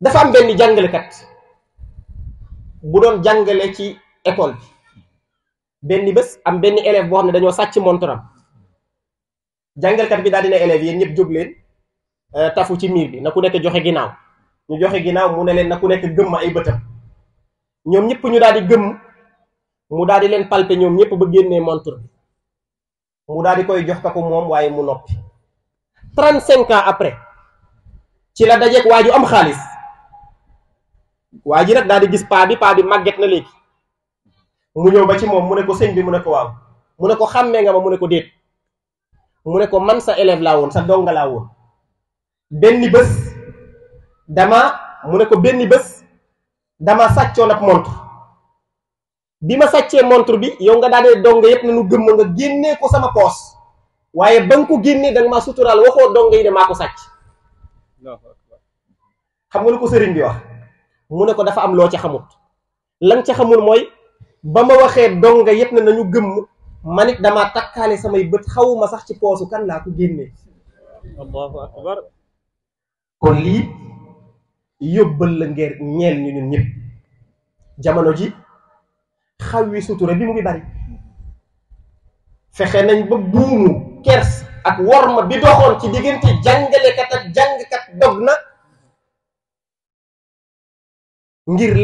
dafa am benn kat bu doon jàngale ci école bi benn bés am benn élève boo xam ne dañoo sàcc montoram jàngalekat bi daal dina élève yéen ñëpp jóg leen euh, tafu ci miir bi na ku nekk joxe ginnaaw ñu joxe ginnaaw mu ne leen na ku nekk gëmm ay bëtam ñoom ñëpp ñu daal di gëmm mu daal di leen palpe ñoom ñëpp ba génnee montre bi mu daal di koy jox ka ko moom waaye mu noppi 35 ans après ci la dajeeg waa ju am xaalis waji nak nag di gis paa bi paa bi na legi mu ñëw ba ci mom mu ne ko señ bi mu ne ko waaw mu ne ko xamé nga ma mu ne ko deet mu ne ko man sa élève la won sa dong la won benni bëss dama mu ne ko benni bëss dama saccio nak montre bi saccé montre bi yow nga daanee dong yépp na nu gëm nga génné ko sama pos. waaye bengku ginne ko génné dang ma sutural waxo dong yi dama ko sacc xam nga lu ko sëriñ bi wax mu ne ko dafa am loo ci xamul lan ci xamul mooy ba ma waxee donga yëpp ne nañu gëmm man it damaa takkaale samay bët xawuma sax ci poosu kan laa ko génnee allahu kon lii yóbbal la ngeer ñeen ñu ñun ñëpp jamono ji xaw yi sutura bi mu ngi bari fexe nañ ba buumu kers ak worma bi doxoon ci diggante jàngalekat ak jàngkat dog na ngir